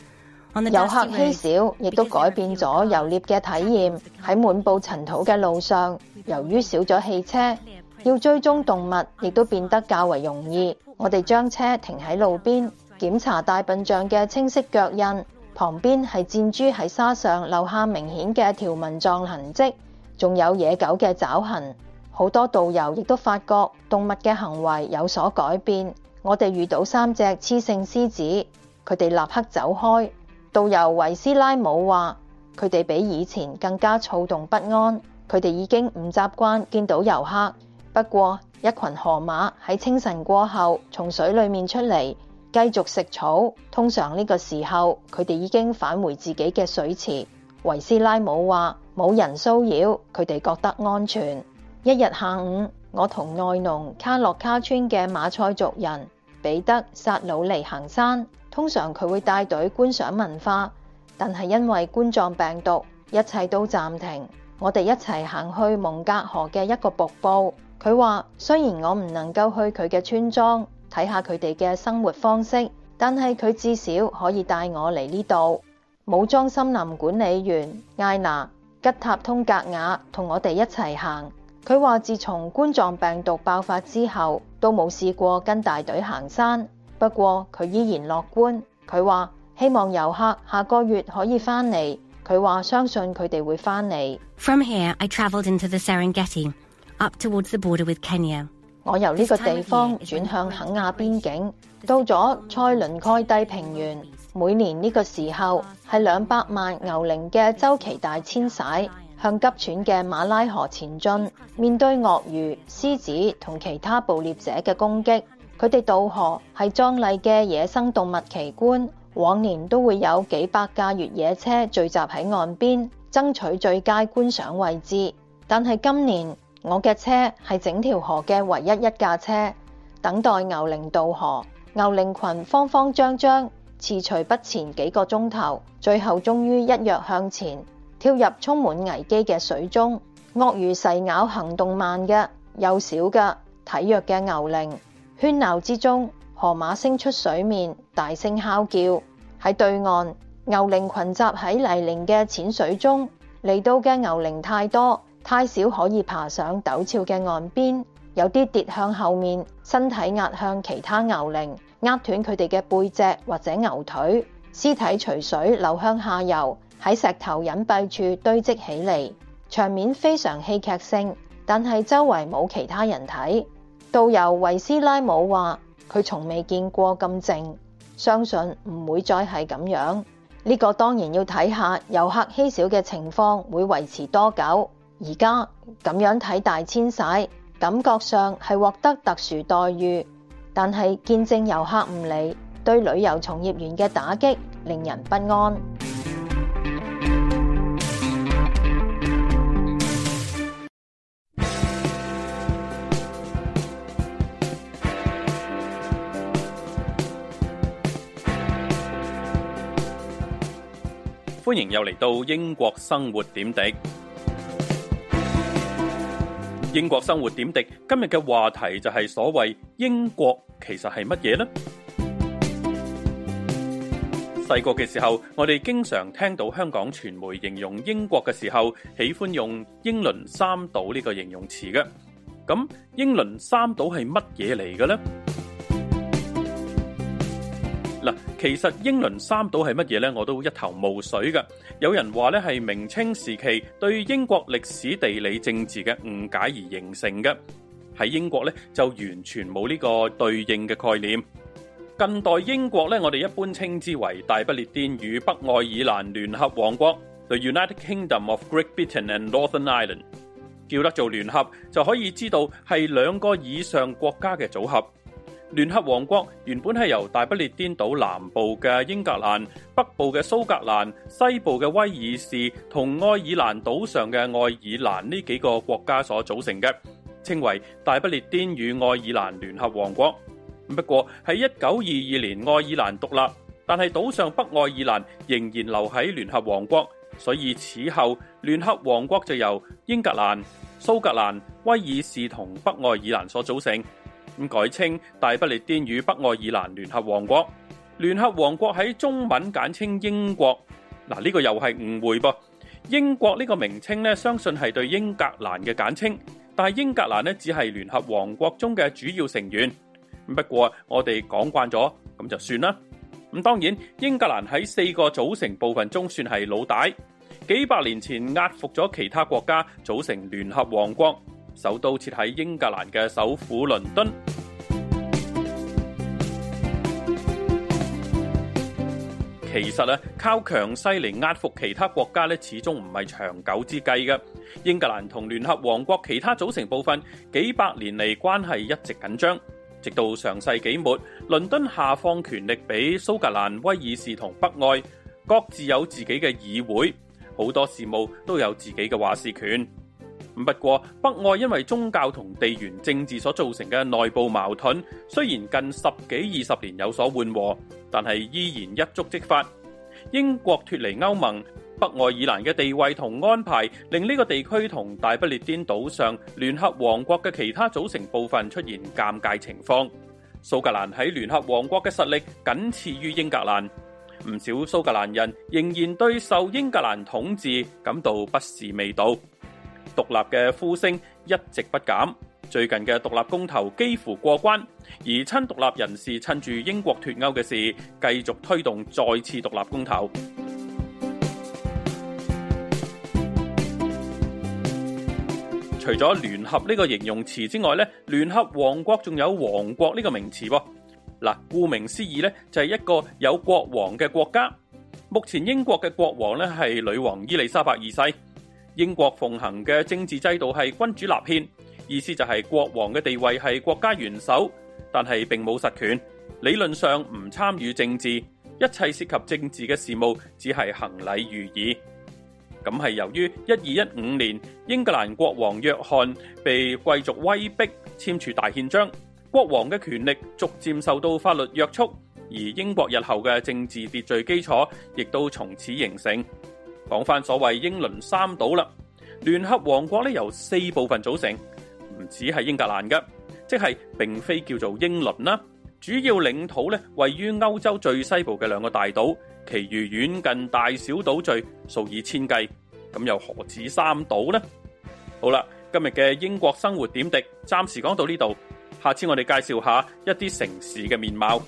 Way, 遊客稀少，亦都改變咗遊獵嘅體驗。喺 there 滿布塵土嘅路上，由於少咗汽車，要追蹤動物，亦都變得較為容易。我哋將車停喺路邊，檢查大笨象嘅清晰腳印，旁邊係箭豬喺沙上留下明顯嘅條紋狀痕跡，仲有野狗嘅爪痕。好多導遊亦都發覺動物嘅行為有所改變。我哋遇到三隻雌性獅子，佢哋立刻走開。導遊維斯拉姆話：佢哋比以前更加躁動不安，佢哋已經唔習慣見到遊客。不過，一群河馬喺清晨過後從水裏面出嚟，繼續食草。通常呢個時候，佢哋已經返回自己嘅水池。維斯拉姆話：冇人騷擾，佢哋覺得安全。一日下午，我同內農卡洛卡村嘅馬賽族人彼得薩魯尼行山。通常佢會帶隊觀賞文化，但係因為冠狀病毒，一切都暫停。我哋一齊行去蒙格河嘅一個瀑布。佢話雖然我唔能夠去佢嘅村莊睇下佢哋嘅生活方式，但係佢至少可以帶我嚟呢度。武裝森林管理員艾娜吉塔通格雅同我哋一齊行。佢話：自從冠狀病毒爆發之後，都冇試過跟大隊行山。不過佢依然樂觀。佢話：希望遊客下個月可以翻嚟。佢話相信佢哋會翻嚟。From here, I travelled into the Serengeti, up towards the border with Kenya. 我由呢個地方轉向肯亞邊境，到咗塞倫蓋蒂平原。每年呢個時候係兩百萬牛羚嘅周期大遷徙。向急喘嘅馬拉河前進，面對鱷魚、獅子同其他捕獵者嘅攻擊，佢哋渡河係壯麗嘅野生動物奇觀。往年都會有幾百架越野車聚集喺岸邊，爭取最佳觀賞位置。但係今年我嘅車係整條河嘅唯一一架車，等待牛羚渡河。牛羚群慌慌張張，踟躕不前幾個鐘頭，最後終於一躍向前。跳入充滿危機嘅水中，鱷魚細咬行動慢嘅幼小嘅體弱嘅牛羚。喧鬧之中，河馬升出水面，大聲哮叫。喺對岸，牛羚群集喺泥濘嘅淺水中。嚟到嘅牛羚太多，太少可以爬上陡峭嘅岸邊，有啲跌向後面，身體壓向其他牛羚，壓斷佢哋嘅背脊或者牛腿，屍體隨水流向下游。喺石頭隱蔽處堆積起嚟，場面非常戲劇性，但係周圍冇其他人睇。導遊維斯拉姆話：佢從未見過咁靜，相信唔會再係咁樣。呢、這個當然要睇下遊客稀少嘅情況會維持多久。而家咁樣睇大遷徙，感覺上係獲得特殊待遇，但係見證遊客唔嚟，對旅遊從業員嘅打擊令人不安。歡迎又嚟到英國生活點滴。英國生活點滴今日嘅話題就係所謂英國其實係乜嘢呢？細個嘅時候，我哋經常聽到香港傳媒形容英國嘅時候，喜歡用英倫三島呢個形容詞嘅。咁英倫三島係乜嘢嚟嘅呢？其實英倫三島係乜嘢呢？我都一頭霧水嘅。有人話咧係明清時期對英國歷史地理政治嘅誤解而形成嘅，喺英國咧就完全冇呢個對應嘅概念。近代英國咧，我哋一般稱之為大不列顛與北愛爾蘭聯合王國，The United Kingdom of Great Britain and Northern Ireland。叫得做聯合就可以知道係兩個以上國家嘅組合。聯合王國原本係由大不列顛島南部嘅英格蘭、北部嘅蘇格蘭、西部嘅威爾士同愛爾蘭島上嘅愛爾蘭呢幾個國家所組成嘅，稱為大不列顛與愛爾蘭聯合王國。不過喺一九二二年愛爾蘭獨立，但係島上北愛爾蘭仍然留喺聯合王國，所以此後聯合王國就由英格蘭、蘇格蘭、威爾士同北愛爾蘭所組成。咁改稱大不列顛與北愛爾蘭聯合王國，聯合王國喺中文簡稱英國。嗱，呢個又係誤會噃。英國呢個名稱咧，相信係對英格蘭嘅簡稱，但係英格蘭咧只係聯合王國中嘅主要成員。不過我哋講慣咗，咁就算啦。咁當然，英格蘭喺四個組成部分中算係老大，幾百年前壓服咗其他國家組成聯合王國。首都設喺英格蘭嘅首府倫敦。其實咧，靠強勢嚟，壓服其他國家咧，始終唔係長久之計嘅。英格蘭同聯合王國其他組成部分，幾百年嚟關係一直緊張，直到上世紀末，倫敦下放權力俾蘇格蘭、威爾士同北愛，各自有自己嘅議會，好多事務都有自己嘅話事權。不過北愛因為宗教同地緣政治所造成嘅內部矛盾，雖然近十幾二十年有所緩和，但係依然一觸即發。英國脫離歐盟，北愛爾蘭嘅地位同安排令呢個地區同大不列顛島上聯合王國嘅其他組成部分出現尷尬情況。蘇格蘭喺聯合王國嘅實力僅次於英格蘭，唔少蘇格蘭人仍然對受英格蘭統治感到不是味道。獨立嘅呼聲一直不減，最近嘅獨立公投幾乎過關，而親獨立人士趁住英國脱歐嘅事，繼續推動再次獨立公投。 除咗聯合呢個形容詞之外咧，聯合王國仲有王國呢個名詞噃。嗱，顧名思義咧，就係一個有國王嘅國家。目前英國嘅國王呢，係女王伊麗莎白二世。英國奉行嘅政治制度係君主立憲，意思就係國王嘅地位係國家元首，但係並冇實權，理論上唔參與政治，一切涉及政治嘅事務只係行禮如儀。咁係由於一二一五年，英格蘭國王約翰被貴族威逼簽署大憲章，國王嘅權力逐漸受到法律約束，而英國日後嘅政治秩序基礎亦都從此形成。講翻所謂英倫三島啦，聯合王國咧由四部分組成，唔止係英格蘭嘅，即係並非叫做英倫啦。主要領土咧位於歐洲最西部嘅兩個大島，其餘遠近大小島嶼數以千計，咁又何止三島呢？好啦，今日嘅英國生活點滴暫時講到呢度，下次我哋介紹下一啲城市嘅面貌。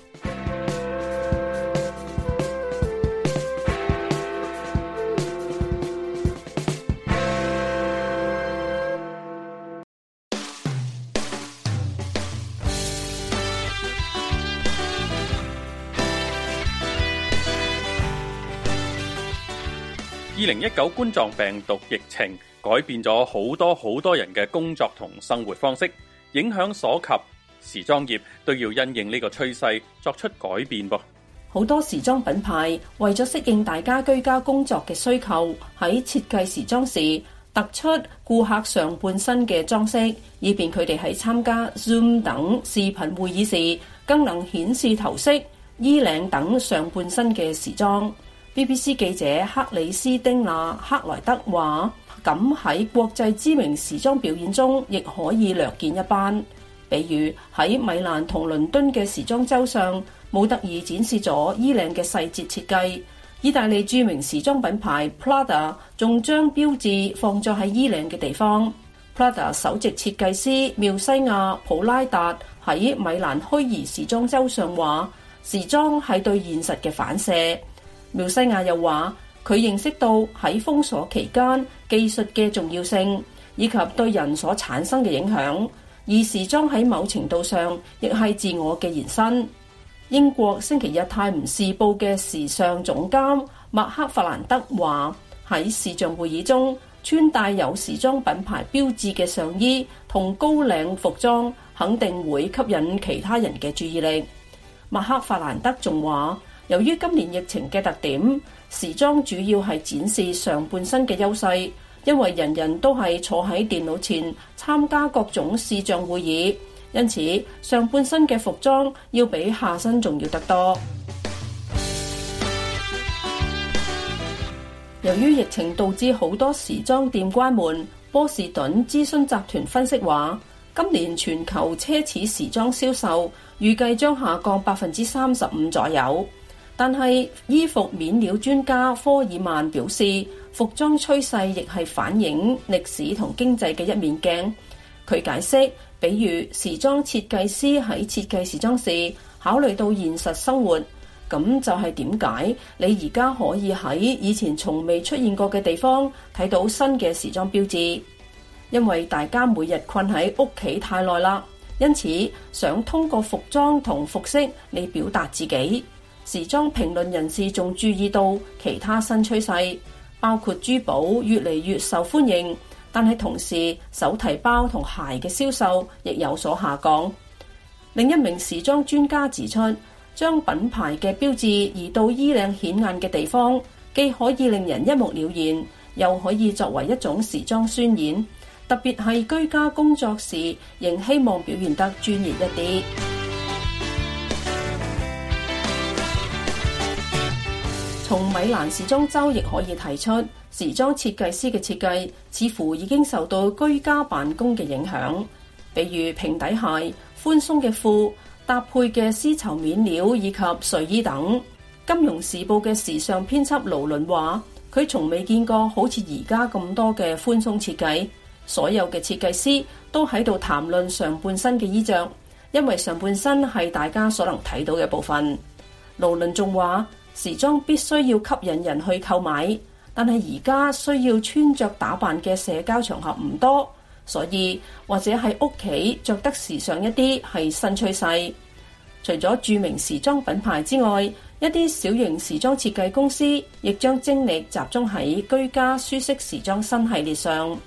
零一九冠狀病毒疫情改變咗好多好多人嘅工作同生活方式，影響所及，時裝業都要因應呢個趨勢作出改變。噃，好多時裝品牌為咗適應大家居家工作嘅需求，喺設計時裝時突出顧客上半身嘅裝飾，以便佢哋喺參加 Zoom 等視頻會議時，更能顯示頭飾、衣領等上半身嘅時裝。BBC 記者克里斯丁娜克萊德話：咁喺國際知名時裝表演中，亦可以略見一斑。比如喺米蘭同倫敦嘅時裝週上，模特兒展示咗衣領嘅細節設計。意大利著名時裝品牌 Prada 仲將標誌放咗喺衣領嘅地方。Prada 首席設計師妙西亞普拉達喺米蘭虛擬時裝週上話：時裝係對現實嘅反射。廖西亞又話：佢認識到喺封鎖期間技術嘅重要性以及對人所產生嘅影響，而時裝喺某程度上亦係自我嘅延伸。英國星期日《泰晤士報》嘅時尚總監麥克法蘭德話，喺視像會議中，穿戴有時裝品牌標誌嘅上衣同高領服裝肯定會吸引其他人嘅注意力。麥克法蘭德仲話。由於今年疫情嘅特點，時裝主要係展示上半身嘅優勢，因為人人都係坐喺電腦前參加各種視像會議，因此上半身嘅服裝要比下身重要得多。 由於疫情導致好多時裝店關門，波士頓諮詢集團分析話，今年全球奢侈時裝銷售預計將下降百分之三十五左右。但係，衣服面料專家科爾曼表示，服裝趨勢亦係反映歷史同經濟嘅一面鏡。佢解釋，比如時裝設計師喺設計時裝時，考慮到現實生活，咁就係點解你而家可以喺以前從未出現過嘅地方睇到新嘅時裝標誌？因為大家每日困喺屋企太耐啦，因此想通過服裝同服飾嚟表達自己。時裝評論人士仲注意到其他新趨勢，包括珠寶越嚟越受歡迎，但係同時手提包同鞋嘅銷售亦有所下降。另一名時裝專家指出，將品牌嘅標誌移到衣領顯眼嘅地方，既可以令人一目了然，又可以作為一種時裝宣言，特別係居家工作時仍希望表現得專業一啲。從米蘭時裝周亦可以提出，時裝設計師嘅設計似乎已經受到居家辦公嘅影響，比如平底鞋、寬鬆嘅褲、搭配嘅絲綢麵料以及睡衣等。金融時報嘅時尚編輯勞倫話：佢從未見過好似而家咁多嘅寬鬆設計，所有嘅設計師都喺度談論上半身嘅衣着，因為上半身係大家所能睇到嘅部分。勞倫仲話。時裝必須要吸引人去購買，但係而家需要穿着打扮嘅社交場合唔多，所以或者喺屋企着得時尚一啲係新趨勢。除咗著名時裝品牌之外，一啲小型時裝設計公司亦將精力集中喺居家舒適時裝新系列上，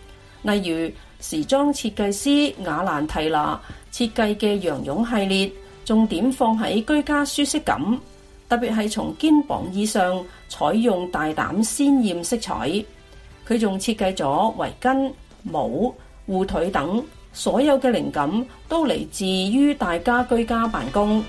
例如時裝設計師雅蘭提娜設計嘅羊絨系列，重點放喺居家舒適感。特別係從肩膀以上採用大膽鮮豔色彩，佢仲設計咗圍巾、帽、護腿等，所有嘅靈感都嚟自於大家居家辦公。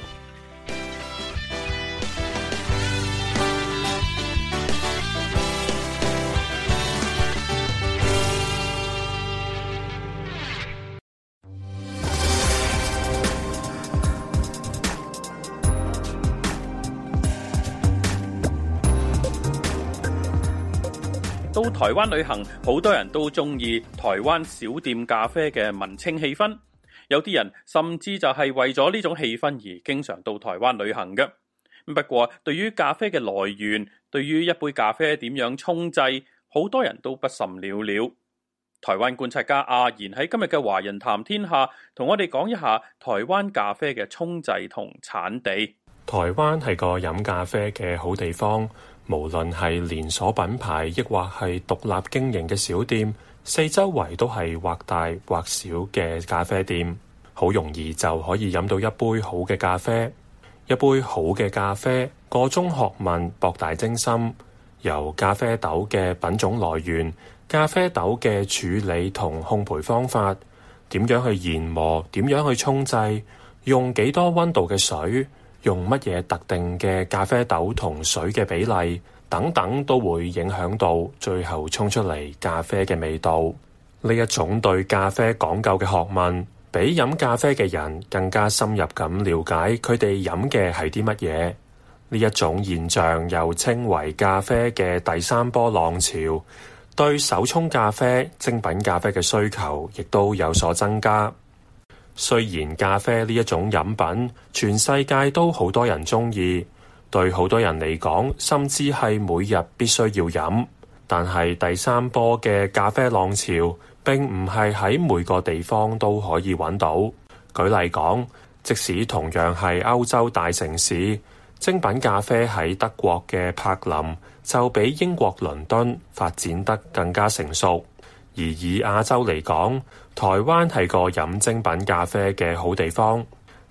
台灣旅行好多人都中意台灣小店咖啡嘅文青氣氛，有啲人甚至就係為咗呢種氣氛而經常到台灣旅行嘅。不過，對於咖啡嘅來源，對於一杯咖啡點樣沖製，好多人都不甚了了。台灣觀察家阿賢喺今日嘅《華人談天下》同我哋講一下台灣咖啡嘅沖製同產地。台灣係個飲咖啡嘅好地方。無論係連鎖品牌，抑或係獨立經營嘅小店，四周圍都係或大或小嘅咖啡店，好容易就可以飲到一杯好嘅咖啡。一杯好嘅咖啡，個中學問博大精深，由咖啡豆嘅品種來源、咖啡豆嘅處理同烘焙方法，點樣去研磨，點樣去沖製，用幾多温度嘅水。用乜嘢特定嘅咖啡豆同水嘅比例等等，都會影響到最後沖出嚟咖啡嘅味道。呢一種對咖啡講究嘅學問俾飲咖啡嘅人更加深入咁了解佢哋飲嘅係啲乜嘢。呢一種現象又稱為咖啡嘅第三波浪潮，對手沖咖啡、精品咖啡嘅需求，亦都有所增加。雖然咖啡呢一種飲品，全世界都好多人鍾意，對好多人嚟講，甚至係每日必須要飲。但係第三波嘅咖啡浪潮並唔係喺每個地方都可以揾到。舉例講，即使同樣係歐洲大城市，精品咖啡喺德國嘅柏林就比英國倫敦發展得更加成熟。而以亞洲嚟講，台灣係個飲精品咖啡嘅好地方，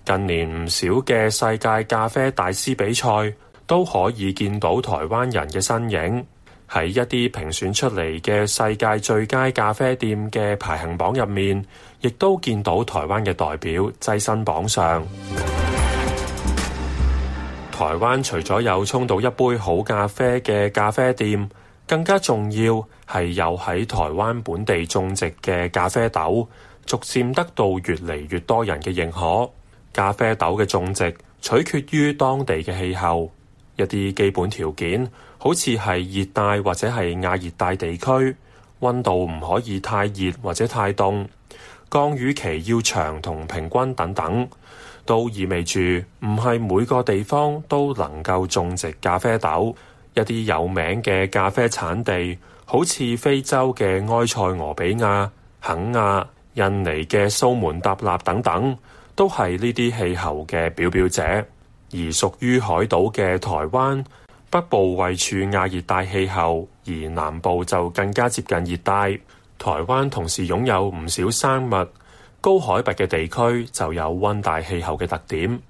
近年唔少嘅世界咖啡大師比賽都可以見到台灣人嘅身影，喺一啲評選出嚟嘅世界最佳咖啡店嘅排行榜入面，亦都見到台灣嘅代表躋身榜上。台灣除咗有沖到一杯好咖啡嘅咖啡店，更加重要，係有喺台灣本地種植嘅咖啡豆，逐漸得到越嚟越多人嘅認可。咖啡豆嘅種植取決於當地嘅氣候，一啲基本條件好似係熱帶或者係亞熱帶地區，温度唔可以太熱或者太凍，降雨期要長同平均等等，都意味住唔係每個地方都能夠種植咖啡豆。一啲有名嘅咖啡產地，好似非洲嘅埃塞俄比亞、肯亞、印尼嘅蘇門答臘等等，都係呢啲氣候嘅表表者。而屬於海島嘅台灣，北部位處亞熱帶氣候，而南部就更加接近熱帶。台灣同時擁有唔少山脈、高海拔嘅地區，就有溫帶氣候嘅特點。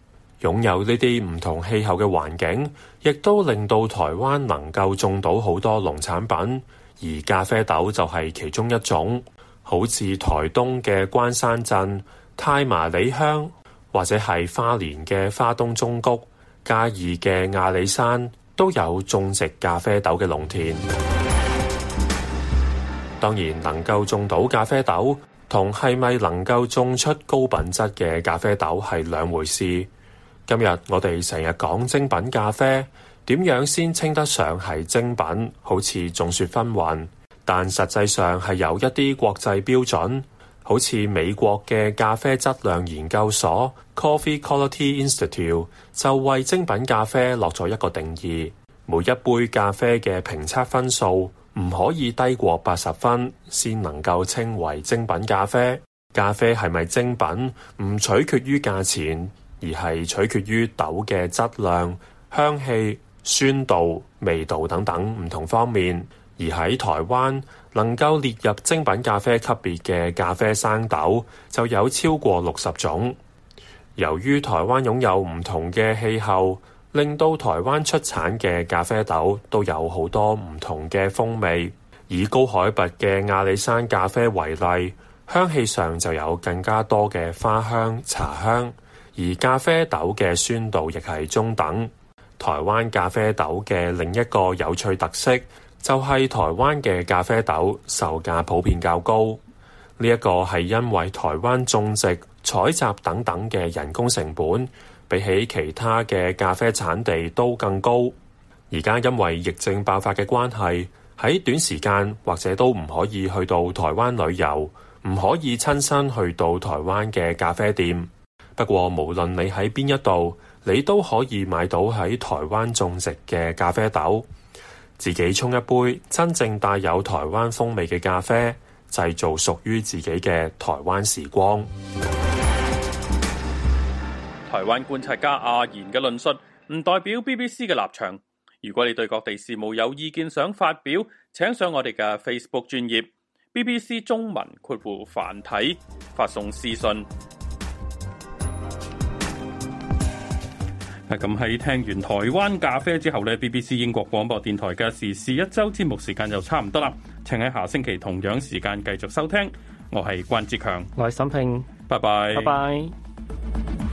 擁有呢啲唔同氣候嘅環境。亦都令到台灣能夠種到好多農產品，而咖啡豆就係其中一種。好似台東嘅關山鎮、太麻里鄉，或者係花蓮嘅花東縱谷、嘉義嘅阿里山，都有種植咖啡豆嘅農田。 當然，能夠種到咖啡豆，同係咪能夠種出高品質嘅咖啡豆係兩回事。今日我哋成日講精品咖啡，點樣先稱得上係精品？好似眾說紛紜，但實際上係有一啲國際標準，好似美國嘅咖啡質量研究所 Coffee Quality Institute 就為精品咖啡落咗一個定義：每一杯咖啡嘅評測分數唔可以低過八十分，先能夠稱為精品咖啡。咖啡係咪精品，唔取決於價錢。而係取決於豆嘅質量、香氣、酸度、味道等等唔同方面。而喺台灣能夠列入精品咖啡級別嘅咖啡生豆就有超過六十種。由於台灣擁有唔同嘅氣候，令到台灣出產嘅咖啡豆都有好多唔同嘅風味。以高海拔嘅阿里山咖啡為例，香氣上就有更加多嘅花香、茶香。而咖啡豆嘅酸度亦係中等。台灣咖啡豆嘅另一個有趣特色就係台灣嘅咖啡豆售價普遍較高。呢一個係因為台灣種植、採集等等嘅人工成本比起其他嘅咖啡產地都更高。而家因為疫症爆發嘅關係，喺短時間或者都唔可以去到台灣旅遊，唔可以親身去到台灣嘅咖啡店。不過，無論你喺邊一度，你都可以買到喺台灣種植嘅咖啡豆，自己沖一杯真正帶有台灣風味嘅咖啡，製造屬於自己嘅台灣時光。台灣觀察家阿言嘅論述唔代表 BBC 嘅立場。如果你對各地事務有意見想發表，請上我哋嘅 Facebook 專頁 BBC 中文括弧繁體發送私信。係咁，喺聽完台灣咖啡之後呢，BBC 英國廣播電台嘅時事一周節目時間就差唔多啦。請喺下星期同樣時間繼續收聽。我係關志強，我係沈平，拜拜 bye，拜拜。